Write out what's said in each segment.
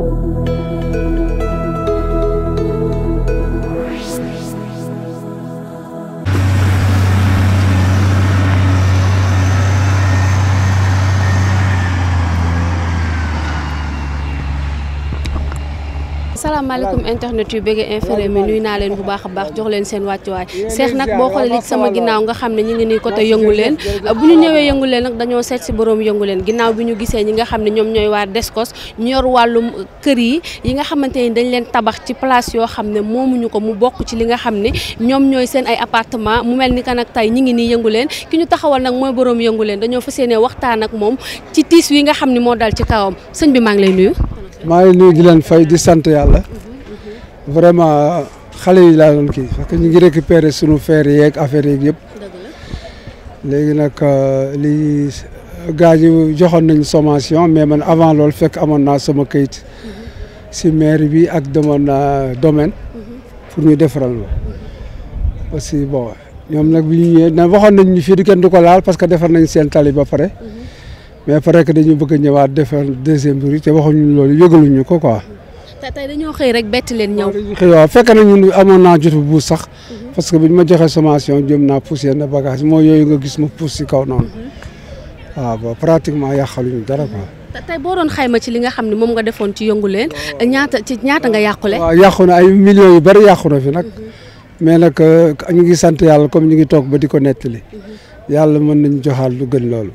Thank you. Assalamualaikum internet yu bëgg informé mi nuyu naa leen bu baax baax jox leen seen way cheikh nak bo xol li sama ginnaaw nga xam ñi ngi nii côté yëngu leen bu ñu ñëwé yëngu leen nak dañoo sét ci borom yëngu leen ginnaaw bi ñu gisé ñi nga xam ñom ñoy wa Descos ñor walum kër yi yi nga xamante ni dañ leen tabax ci place yo xam momu ñu ko mu bokku ci li nga xam ñom ñoy seen ay appartement mu mel ni ak tay ñi ngi ni yëngu leen ki ñu taxawal nak moy borom yëngu leen dañoo fas yéene waxtaan ak mom ci tiis wi nga xam mo dal ci kawam señ bi ma ngi lay nuyu maa ngi nuyu di leen fay di sant yàlla vraiment xale yi laa doon kii parce que ñu ngi récupérer suñu feer yeeg affaire yeeg yëpp léegi nag euh, li gaa yi joxoon nañ sommation mais man avant loolu fekk amoon naa sama kayit si maire bi ak demoon naa domaine pour ñu defaral ma parce que bon ñoom nag bi ñu ñëwee waxoon nañ ñu fii du kenn du ko laal parce que defar nañu seen tali ba pare mais après que dañu bëgg ñëwaat défer deuxième bruit té waxu ñu loolu yëgalu ñu ko quoi. tay dañu xey rek bett leen ñëw. xey wa fekk na ñun amoon naa jot bu sax. Mhm. parce que buñ ma joxé sommation jëm na pousser na bagage mo yooyu nga gis mu pousse si kaw non mhm. waaw ba pratiquement ya xalu ñu dara quoi. tay bo doon xayma ci li nga xamni mom nga defoon ci yëngu leen ñaata ci ñaata nga yaqulé wa yaquna ay millions yu bari yaquna fi nak mhm. mais nak euh, ñu ngi sante yalla comme ñu ngi tok ba diko netti nettali. yàlla mën nañ joxal lu gën loolu.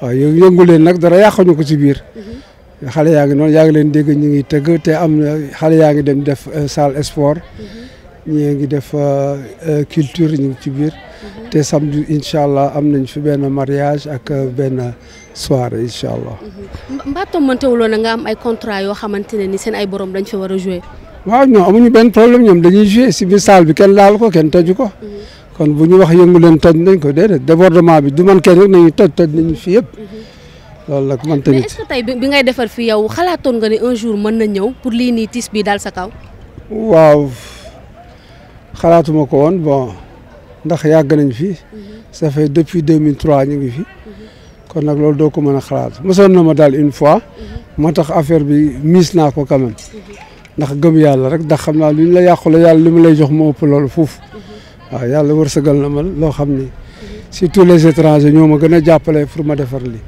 waaw yëngu leen nag dara ñu ko ci biir mhm. xale yaa ngi noonu yaa ngi leen dégg ñu ngi tëgg te am na xale yaa ngi dem def euh, salle sport mhm. ñii ngi def euh, euh, culture ñu ngi ci biir mhm. te samedi incha allah am nañ fi benn mariage ak benn soirée incha allah. mbaa tombantewuloon na nga am ay contrat yoo xamante ne ni seen ay borom dañ fi war a jouer. waaw ñoo amuñu benn problème ñoom dañuy jouer si biir saal bi kenn laal ko kenn tëju ko. kon buñu wax yëngu leen toj nañ ko déedéet débordement bi du man kenn rek nañu toj toj nañu fi yëpp loolu nag man tamit. mais est-ce que tey bi ngay defar fi yow xalaatoon nga ni un jour mën na ñëw pour lii nii tis bi daal sa kaw. waaw xalaatuma ko woon bon ndax yàgg nañ fi. ça fait depuis 2003 ñu ngi fi. kon nag loolu doo ko mën a xalaat mosoon na ma daal une fois. moo tax affaire bi miis naa ko quand même. ndax gëm yàlla rek ndax xam naa lu ñu la yàqule yàlla li mu lay jox moo ëpp loolu foofu. waaw yàlla wërsëgal na ma loo xam ni surtout les étrangers ñoo ma gën a jàppale pour ma defar li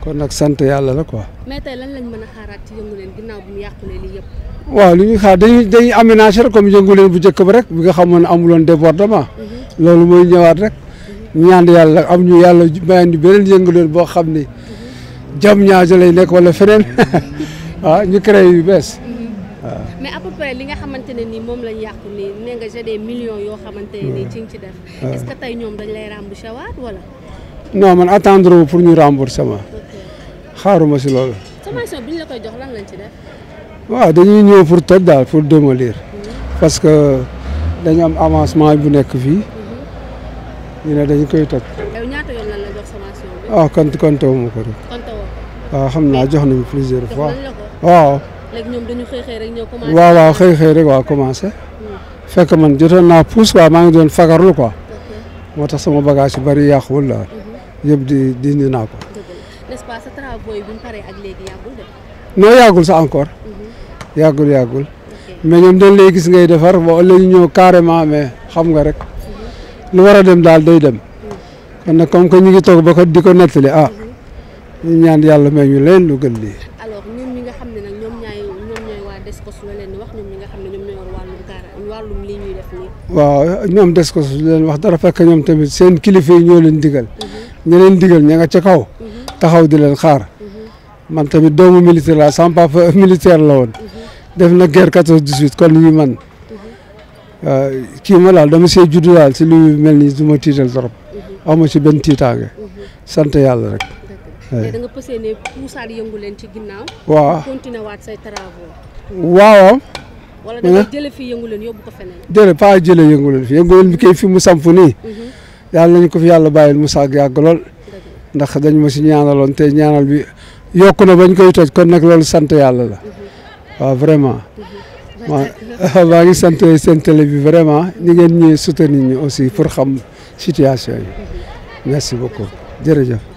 kon nag sant yàlla la quoi. mais tey lan bi mu yàqulee yëpp. waaw li ñuy xaar dañuy dañuy aménager comme yëngu leen bu njëkk ba rek bi nga xam xamoon amuloon débordement. Mhm. loolu mooy ñëwaat rek. Mhm. ñaan yàlla am ñu yàlla mayan ñu beneen yëngu boo xam ni. Mhm. jam ñaajo lay nekk wala feneen waaw ñu créé yu bees. mais à peu près li nga xamante ni mom lañ yakku ni nee nga j'ai des millions yo xamante ni ci ci def est ce que tay ñom dañ lay rembourser waat wala non man attendre pour ñu rembourser ma xaaruma si loolu sommation bi ñu la koy jox lan lañ ci def wa dañuy ñëw pour toj dal pour démolir hmm. parce que dañ am avancement bu nekk fi mhm. ñu né dañ koy toj yow ñaata yoon lan la jox sommation bi ah kon kon to ma ko rek to wa ah, xamna jox nañu plusieurs fois wa léegi ñoom rek ñoo commencé. waaw waaw xëy xëy rek waaw commencé. fekk man jotoon naa pousse waaw maa ngi doon fagarlu ko moo tax sama bagage yu bari yàquwul la. Mhm. yëpp di dindi naa ko. n'est-ce sa travaux yi bu yàggul encore. Mhm. yàggul yàggul. mais ñoom dañ lay gis ngay defar ba léegi ñëw carrément mais xam nga rek. Mhm. lu war a dem daal day dem. kon nag comme que ñu ngi toog ba ka di ko nettali ah. ñu ñaan yàlla may ñu leen lu gën lii. waaw ñoom des ko su leen wax dara fekk ñoom tamit seen kilifa yi ñoo leen digal ña leen digal ña nga ca kaw taxaw di leen xaar man tamit doomu militaire la sama papa militaire la woon def na guerre 14 18 kon ñu man kii ma daal dama see juddu daal si lu mel ni du ma tiital trop awma ci benn tiitaange sant yàlla rek. da nga pësee ne puusaat yëngu leen ci ginnaaw. waaw continué waat say travaux. waaw. wala da ngay jëlee fii yëngu leen yóbbu ko feneen. jëlee pas bi kay fi mu samp nii. Mhm. yàlla nañu ko fi yàlla bàyyil mu sàgg yàgg lool. ndax dañ ma si ñaanaloon te ñaanal bi yokku na bañ koy toj kon nag loolu sant yàlla la. Mhm. waaw vraiment. Mhm. maa maa ngi sant seen bi vraiment ñi ngeen ñëwee soutenir ñu aussi pour xam situation yi. merci beaucoup jërëjëf.